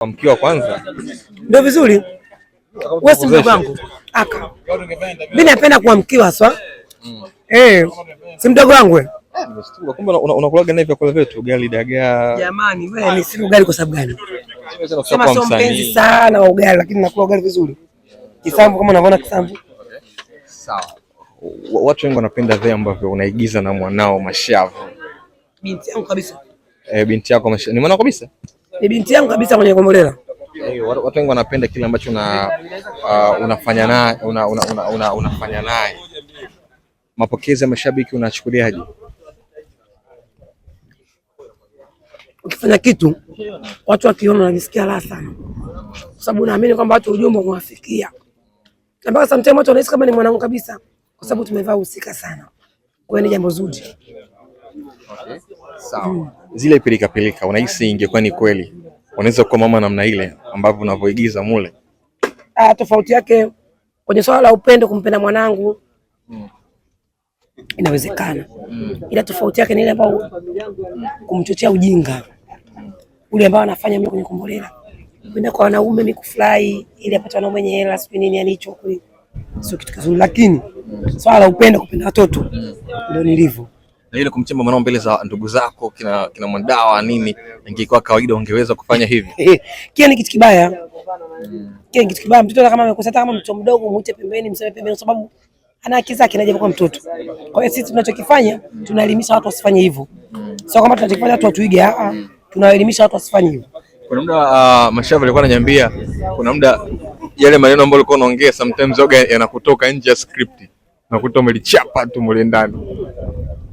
Kwa mkiwa kwanza ndio vizuri. Wewe si mdogo wangu aka, mimi napenda kwa mkiwa swa mm. Eh, si mdogo wangu wewe. Kumbe unakulaga na kwa vyetu ugali dagaa. Jamani wewe ni si ugali kwa sababu gani? Sema sio mpenzi sana wa ugali, lakini nakula ugali vizuri. Kisambu kama unavyoona kisambu. Sawa. Watu wengi wanapenda vile ambavyo unaigiza na mwanao Mashavu. Binti yako kabisa. Eh, binti yako Mashavu. Ni mwanao kabisa? ni binti yangu kabisa kwenye Kombolela. Hey, watu wengi wanapenda kile ambacho una, uh, unafanya naye una, una, una, una, unafanya naye. Mapokezi ya mashabiki unachukuliaje? Ukifanya kitu watu wakiona wanajisikia raha sana, kwa sababu naamini kwamba watu ujumbe umewafikia, na mpaka sometimes watu wanahisi kama ni mwanangu kabisa, kwa sababu tumevaa husika sana. Kwa hiyo ni jambo zuri. Okay. Sawa. Hmm. Zile pilika pilika unahisi ingekuwa ni kweli wanaweza kuwa mama namna ile ambavyo unavyoigiza mule? Ah, tofauti yake kwenye swala la upendo, kumpenda mwanangu mm. inawezekana mm. ila tofauti yake ni ile ambayo kumchochea ujinga ule ambao anafanya mimi kwenye Kombolela kwenda kwa wanaume ni kufurahi ili apate wanaume wenye hela sio nini, yani hicho kweli sio kitu kizuri, lakini swala la upendo, kupenda watoto mm. ndio nilivyo na ile kumchemba mwanao mbele za ndugu zako kina, kina Mwandawa nini, ingekuwa kawaida ungeweza kufanya hivi? Eh, kia ni kitu kibaya, kia ni kitu kibaya. Mtoto kama amekosa, kama mtoto mdogo, muite pembeni, mseme pembeni, kwa sababu ana haki zake, anaje kwa mtoto. Kwa hiyo sisi tunachokifanya tunaelimisha watu wasifanye hivyo, sio kama tunachokifanya watu watuige. a ah, a ah. tunaelimisha watu wasifanye hivyo. Kuna muda uh, Mashavu alikuwa ananiambia kuna muda yale maneno ambayo ulikuwa unaongea sometimes yoga yanakutoka nje ya script, nakuta umelichapa tu mule ndani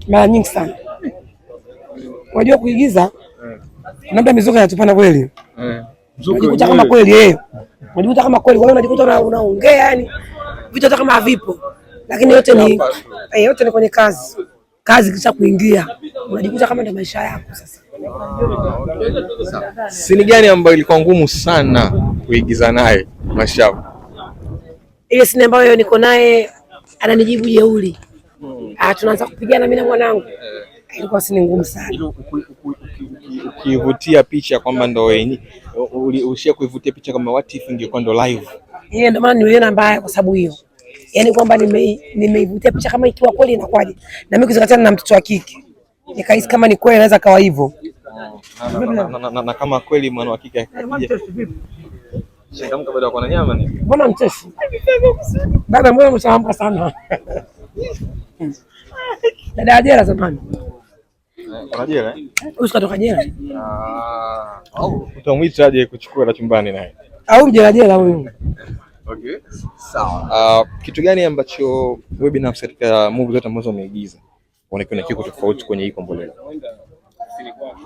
mara nyingi sana. Unajua kuigiza labda mizuka inatupanda kweli, unajikuta kama kweli eh, unajikuta kama kweli, wewe unajikuta unaongea yani vitu hata kama havipo, lakini yote ni eh, yote ni kwenye kazi. Kazi kisha kuingia unajikuta kama ndio maisha yako sasa. Sini gani ambayo ilikuwa ngumu sana kuigiza naye Mashavu? Ile sini ambayo niko naye ananijibu jeuri ah, tunaanza kupigana mimi na mwanangu, eh. ilikuwa si ngumu sana ukivutia picha kwamba ndo wewe ulishia kuivutia picha kama what if ingekuwa ndo live yeye, ndo maana niliona mbaya kwa sababu hiyo, yaani kwamba nimeivutia picha kama ikiwa kweli inakuwaje, na mimi kuzingatiana na mtoto wa kike nikahisi kama ni kweli inaweza kawa hivyo na kama kweli mwana wa kike baada ya kuona nyama ni. mbona mtesi? baba, mbona mshaamka sana Dada ya jela zamani. Kuna jela? Eh? Usikatoka jela. Ah, au utamwita aje kuchukua la chumbani naye. Au mjela jela huyu. Okay. Sawa. Uh, kitu gani ambacho wewe binafsi katika movie zote ambazo umeigiza unakiona kiko tofauti kwenye hii Kombolela?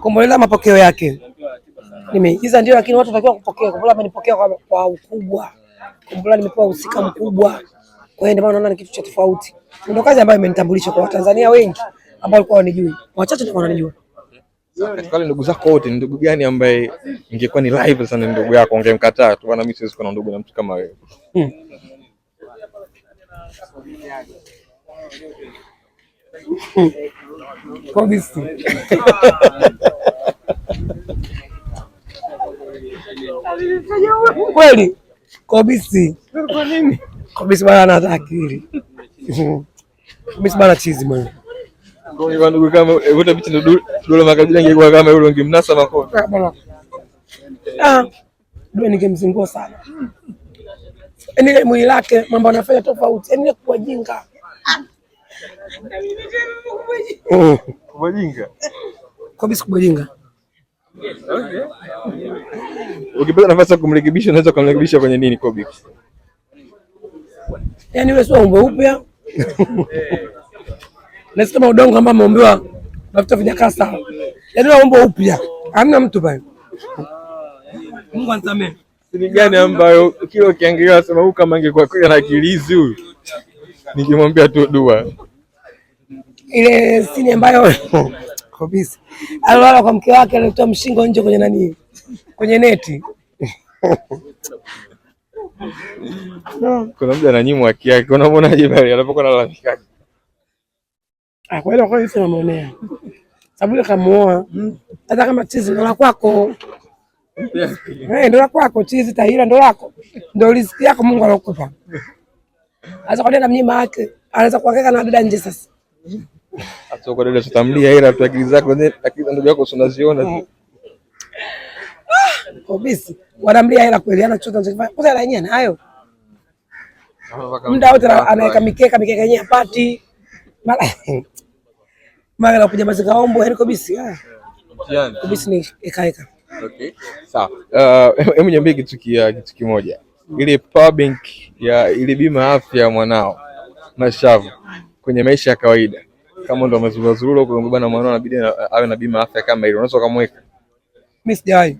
Kombolela mapokeo yake nimeigiza ndio, lakini watu watakiwa kupokea Kombolela. Amenipokea kwa ukubwa Kombolela, nimepewa uhusika mkubwa, kwa hiyo ndio maana naona ni kitu cha tofauti ndio kazi ambayo imenitambulisha kwa Watanzania wengi ambao walikuwa wanijui, wachache ndio wananijua. Katika wale ndugu zako wote, ni ndugu gani ambaye ingekuwa ni live sana, ndugu yako ungemkataa tu bwana, mimi siwezi kuwa na ndugu na mtu kama wewe? Hmm. Hmm. kweli Kobisi bwana ana akili Mimi sibana chizi mwenyewe. Ndio ndugu, kama eh, wote picha ndio Dula Makabila ingekuwa kama yule ungemnasa makoni. Ah bwana. Ah, ningemzingua sana. Yaani mwili lake mambo anafanya tofauti. Yaani oh. kwa jinga. kwa jinga. Kwa bisi kwa jinga. Ukipata nafasi ya kumrekebisha unaweza kumrekebisha kwenye nini Kobe? Yaani wewe sio umbe upya Eh. Nasi kama udongo ambao umeombewa mafuta vijakaa sawa, yaani naomba upya, hamna mtu pale. Mungu anisamee. Ni gani ambayo kila ukiangalia unasema huyu kama angekuwa na kilizi huyu, nikimwambia tu dua ile sini ambayo kabisa alilala kwa mke wake alitoa mshingo nje kwenye nani, kwenye neti kuna mtu ananyimwa haki yake, unaonaje pale anapokuwa analalamika? Ah, kwa hiyo kwa sababu ile kamuoa, hata kama chizi ndo la kwako ndo la kwako chizi, Tahira ndo lako, ndo riziki yako Mungu alokupa. Sasa kwa mnyima yake anaweza kuangaika na dada nje. Sasa hata kwa dada tutamlia, ila tu akili zako ndio akili ndio yako unaziona obisi wanamlia hela kweli, ana chochote anachofanya kwanza, hela yenyewe hayo. muda wote anaweka mikeka mikeka yenyewe apati mara mara anakuja mazika ombo, yani obisi ah, obisi ni eka eka. Okay, sawa. Uh, hebu niambie kitu kitu kimoja, ile power bank ya ile bima afya mwanao Mashavu kwenye maisha ya kawaida kama ndo amezurura zurura bwana, mwanao anabidi awe na bima afya kama ile, unaweza kumweka? Mimi sijawahi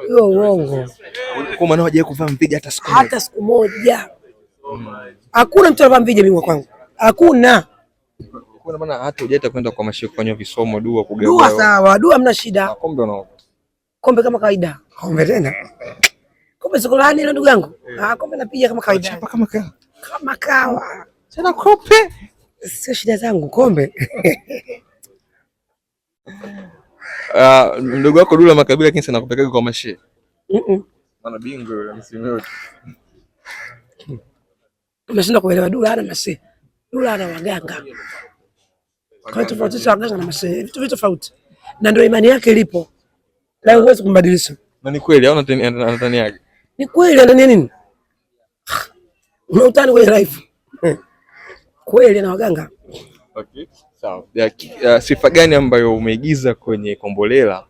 hiyo uongo. Kwa maana hajawahi kuvaa mvija hata siku moja, hata siku moja. Hakuna mtu anavaa mvija mimi kwangu, hakuna. Kwa maana hata hujaita kwenda kwa mashiko kufanya visomo, dua, kugeuka. Dua sawa, dua mna shida. Ah, kombe unaoga kombe kama kawaida, kombe tena kombe sokolani na ndugu yangu, ah, kombe napiga kama kawaida, chapa kama kawa, kama kawa tena kombe sio shida zangu kombe Uh, mdogo wako Dula Makabila kinsi anakupekaga kwa mashie maana bingo ya msimu wote umeshinda kuelewa. Dula ana mashie, Dula ana waganga, kwa hiyo tofautisha waganga na mashie, vitu vitu tofauti, na ndio imani yake ilipo, na huwezi kumbadilisha. Na ni kweli au anatania yake? Ni kweli anania nini? Unautani kwenye live kweli, na waganga okay sawa. Uh, sifa gani ambayo umeigiza kwenye Kombolela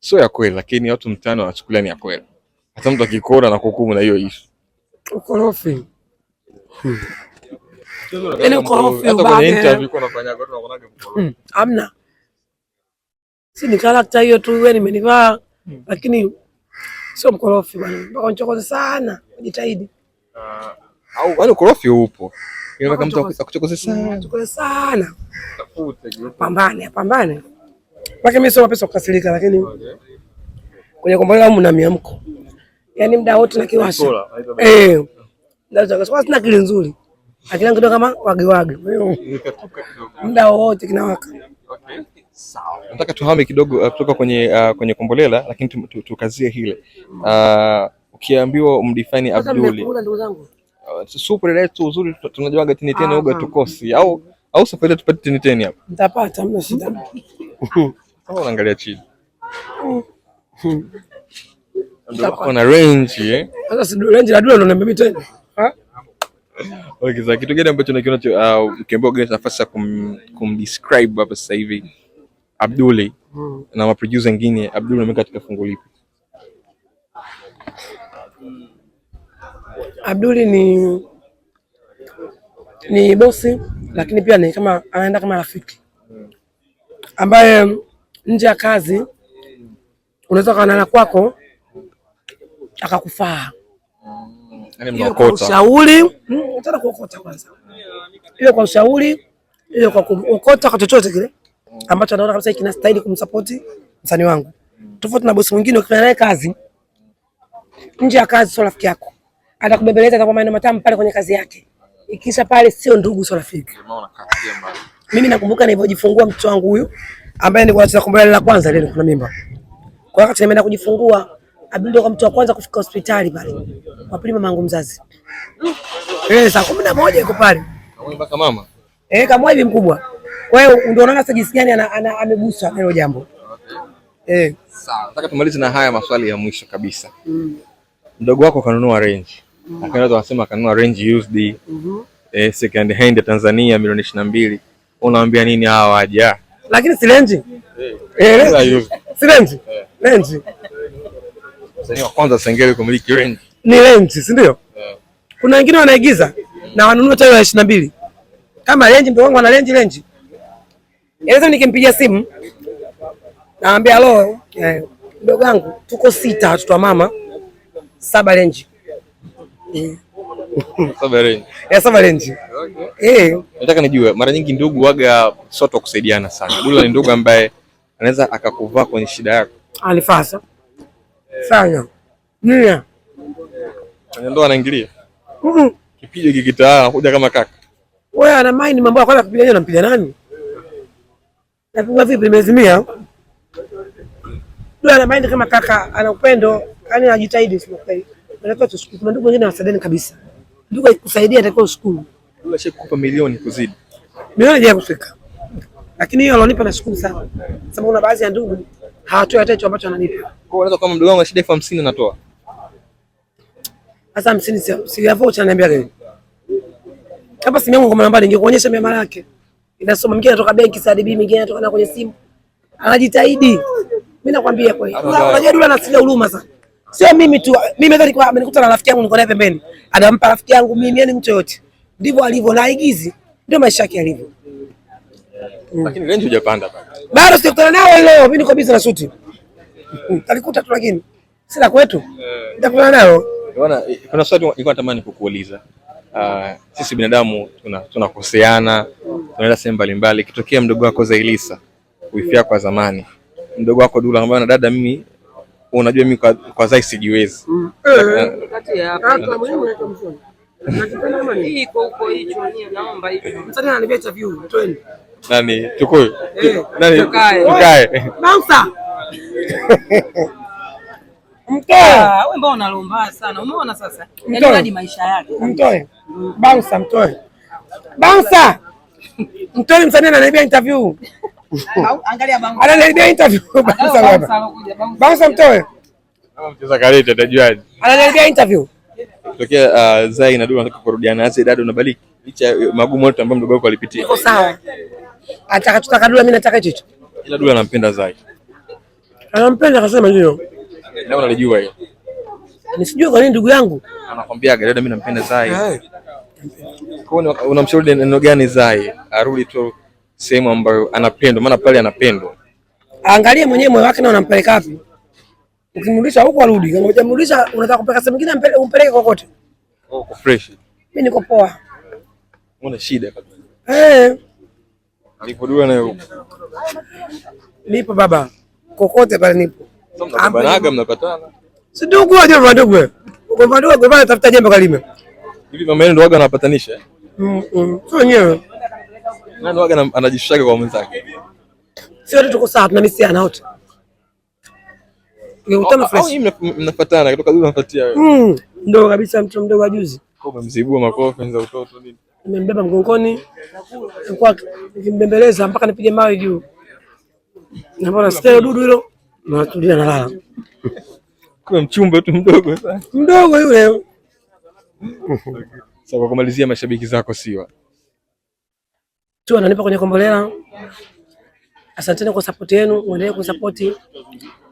sio ya kweli, lakini watu mtaani wanachukulia ni ya kweli, hata mtu akikora na kuhukumu na hiyo ishu ukorofi hmm. yaani hmm. Amna, si ni karakta hiyo tu, wewe nimenivaa hmm. Lakini sio mkorofi bwana, mpaka nchokoze sana, jitahidi. Uh, au yaani ukorofi upo Mm, kukasirika, lakini kwenye kombolela mna miamko, yaani muda wote nakiwasha. Eh, sina akili nzuri, akili yangu kama wote kinawaka. Sawa, nataka tuhame kidogo uh, kutoka kwenye uh, kwenye kombolela, lakini tukazie hile mm. uh, ukiambiwa umdifani Abduli, ndugu zangu supu letu uzuri tunajuaga tini teni uga tukosi au au safari tupate tini teni hapa. Nitapata mna shida. Au unaangalia chini. Ndio kuna range eh. Sasa si range la dula ndo niambia tena. Ah? Okay, sasa kitu gani ambacho unakiona tu Kembo gani nafasi ya kum, describe hapa sasa hivi Abduli mm. na maproducer wengine Abduli ameka katika fungu lipi? Abduli ni ni bosi lakini pia ni kama anaenda kama rafiki ambaye nje ya kazi unaweza kaonana kwako akakufaa yaani hmm, kwa ushauri, tena kuokota kwanza, ile kwa ushauri, ile kwa kuokota, kwa chochote kile ambacho anaona kabisa kinastahili kumsapoti msanii wangu, tofauti na bosi mwingine. Ukifanya naye kazi nje ya kazi, sio rafiki yako atakubembeleza, atakupa maneno matamu pale kwenye kazi yake, ikisha pale sio ndugu, sio rafiki. Mimi nakumbuka nilipojifungua mtoto wangu huyu ambaye nilikuwa nakumbuka la kwanza lile kuna mimba. Kwa wakati nimeenda kujifungua, Abdul kwa mtu wa kwanza kufika hospitali pale. Kwa pili mama yangu mzazi. Eh, saa 11 yuko pale. Kama mama. Eh, kama hivi mkubwa. Kwa hiyo ndio unaona sasa jinsi gani amegusa hilo jambo. Eh, sawa. Nataka tumalize na haya maswali ya mwisho kabisa. Mm. Mdogo wako kanunua range. Mm-hmm. lakini watu wanasema kanunua range used mm -hmm. eh, second hand ya Tanzania milioni ishirini na mbili. Unaambia nini hawa waja? Lakini si range eh, eh, si range eh. range sasa ni kwanza Sengeli kumiliki range ni range, si ndio? Eh. Kuna wengine wanaigiza na wanunua tayari ya ishirini na mbili kama range. Mtu wangu ana range range, eleza. Yaani nikimpigia simu naambia, alo halo eh, mdogo wangu, tuko sita watoto wa mama saba range Eh. Eh. Nataka nijue, mara nyingi ndugu waga sote wa kusaidiana sana. Dula ni ndugu ambaye anaweza akakuvaa kwenye shida yako. Alifasa sana eh. Nia. kwenye ndoa anaingilia kipiga kikitaa, ah, kuja kama kaka. Wewe ana mind mambo yako, kwanza nampiga nani? Napigwa vipi? Nimezimia. Dula ana mind kama kaka, ana upendo, yani anajitahidi sio kweli. Unatakiwa tushukuru. Kuna ndugu wengine hawasadani kabisa. Ndugu ikusaidia atakiwa ushukuru. Ndugu ashakupa milioni kuzidi. Milioni ya kufika. Lakini hiyo alonipa nashukuru sana. Sababu kuna baadhi ya ndugu hawatoi hata hicho ambacho ananipa. Kwa hiyo unaweza kama mdogo wangu shida elfu hamsini anatoa. Sasa hamsini si ya voucher ananiambia leo. hapa, simu yangu kwa namba ningekuonyesha mimi mara yake. Inasoma mingine anatoka benki CRDB, mingine anatoka na kwenye simu. Anajitahidi. Mimi nakwambia kweli. Unajua dula na sija huruma sana. Sio mimi tu, mimi nadhani nilikuwa amenikuta na rafiki yangu niko naye pembeni, anampa rafiki yangu mimi, yani mtu yote ndivyo alivyo, na igizi ndio maisha yake yalivyo. Mm. Lakini range hujapanda bado, sikutana nao leo. Mimi niko busy na shoot, nalikuta tu, lakini sina kwetu, eh. nitakutana nao. Bwana, kuna swali nilikuwa natamani kukuuliza. Uh, sisi binadamu tunakoseana, tuna tunaenda sehemu mbalimbali. Kitokea mdogo wako Zailisa, wifi yako wa zamani, mdogo wako Dula, ambaye na dada mimi unajua mimi kwa, kwa zai sijiwezi mm. Eh. nani tukoe eh. nani tukae bouncer ah, wewe mbona unalomba sana? Umeona sasa, yaani maisha yake. Mtoe bouncer, mtoe bouncer, mtoe msanii ananiibia interview ananiharibia interview. Bouncer mtoe ananiharibia interview. Tokea uh, Zai na Dudu anataka kurudiana nasi dada, unabaliki licha magumu yote ambayo mdogo wako alipitia. Iko sawa, atakachotaka Dudu, mimi nataka hicho ila Dudu anampenda Zai, anampenda kasema hilo, na unalijua hiyo. Nisijue kwa nini ndugu yangu anakwambiaga dada, mimi nampenda Zai. Kwa hiyo unamshauri neno gani Zai arudi tu sehemu ambayo anapendwa, maana pale anapendwa. Angalie mwenyewe moyo wake na unampeleka wapi. Ukimrudisha huko arudi, kama hujamrudisha unataka kupeleka sehemu nyingine, umpeleke kokote. Oh, kwa fresh. Mimi niko poa. Una shida kabisa? Eh. dua na yuko. Nipo baba. Kokote pale nipo. Banaga mnapatana. Si ndugu aje ndugu wewe. Kwa ndugu kwa tafuta jembe kalime. Hivi mama yenu ndo waga anapatanisha. Eh? Mm. Sio wenyewe. Nani waga anajishushaga kwa mwenzake? Si wote tuko sawa, tunamisiana wote. Mnafuatana kutoka juzi mnafuatia wewe. mm, Ndio kabisa mtoto mdogo wa juzi. Kwa umemzibua makofi za utoto nini? Nimembeba mgongoni. kwa kimbembeleza mpaka nipige mawe juu. Na bora stereo dudu hilo? Na tulia na lala. Kwa mchumba tu mdogo sana. Mdogo yule. Sasa kwa kumalizia mashabiki zako siwa tu ananipa kwenye Kombolela. Asanteni kwa support yenu, muendelee ku support.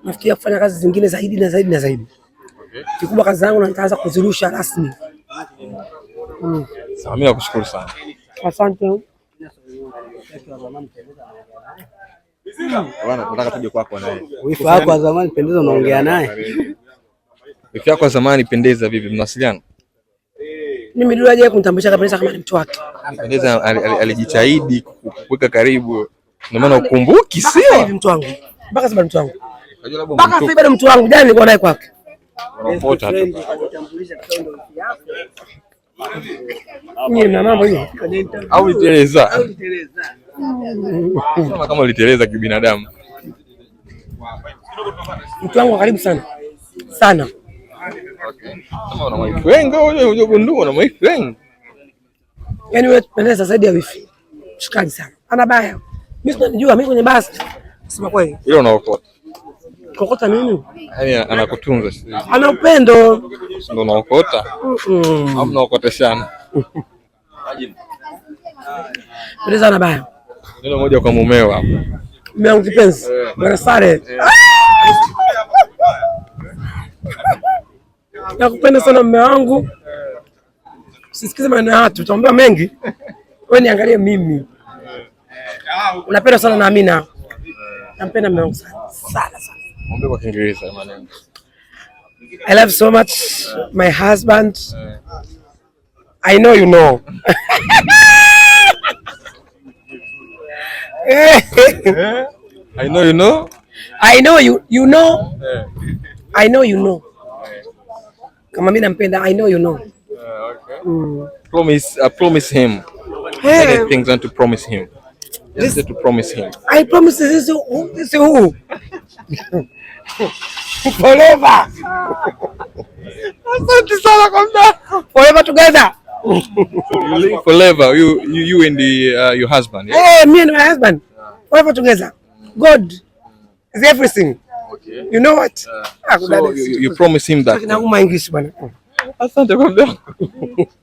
Nafikiria kufanya kazi zingine zaidi na zaidi na zaidi. Okay. Kikubwa kazi zangu nitaanza kuzirusha rasmi. Mm. Sawa, mimi nakushukuru sana. Asante. Bwana, Nataka tuje kwako naye. Wifi yako wa zamani pendeza, unaongea naye? Wifi yako wa zamani pendeza, vipi mnawasiliana? mimi Dula hajawahi kabisa kama ni mtu wake. Pendeza alijitahidi kuweka karibu, ndio maana ukumbuki, sio hivi mtu wangu mpaka sasa, mtu wangu mpaka sasa bado mtu wangu, jana nilikuwa naye kwake na mambo hiyo au itereza Kama litereza kibinadamu, mtu wangu wa karibu sana sana Yaani wewe pendeza zaidi ya wifi. Shikaji sana. Ana baya. Mimi sinajua mimi kwenye basi. Sema kweli. Ile unaokota. Kokota nini? Yaani anakutunza. Ana upendo. Ndio unaokota. Au mnaokoteshana. Pendeza ana baya. Neno moja kwa mumeo hapo. Mume wangu kipenzi. Bwana eh. sare. Eh. Ah! nakupenda sana mme wangu, usisikize maneno ya watu, mengi. Wewe niangalie mimi, unapenda sana na Amina, nampenda mme wangu sana sana sana. kwa Kiingereza maneno. I love so much my husband. I know you know. I know you know. I know you you know. Eh. I know you know. Kama mimi nampenda, I know you know. Uh, okay. Mm. Promise, uh, promise him. Hey. Things not to promise him. This, to promise him. I promise this who, this who. Forever. Asante sana kwa mda. Forever together. You forever. You, you, you and the, uh, your husband. Yeah? Hey, me and my husband. Forever together. God is everything. Okay. You know what? Uh, ah, so you, you promise him that. Nauma Asante kwa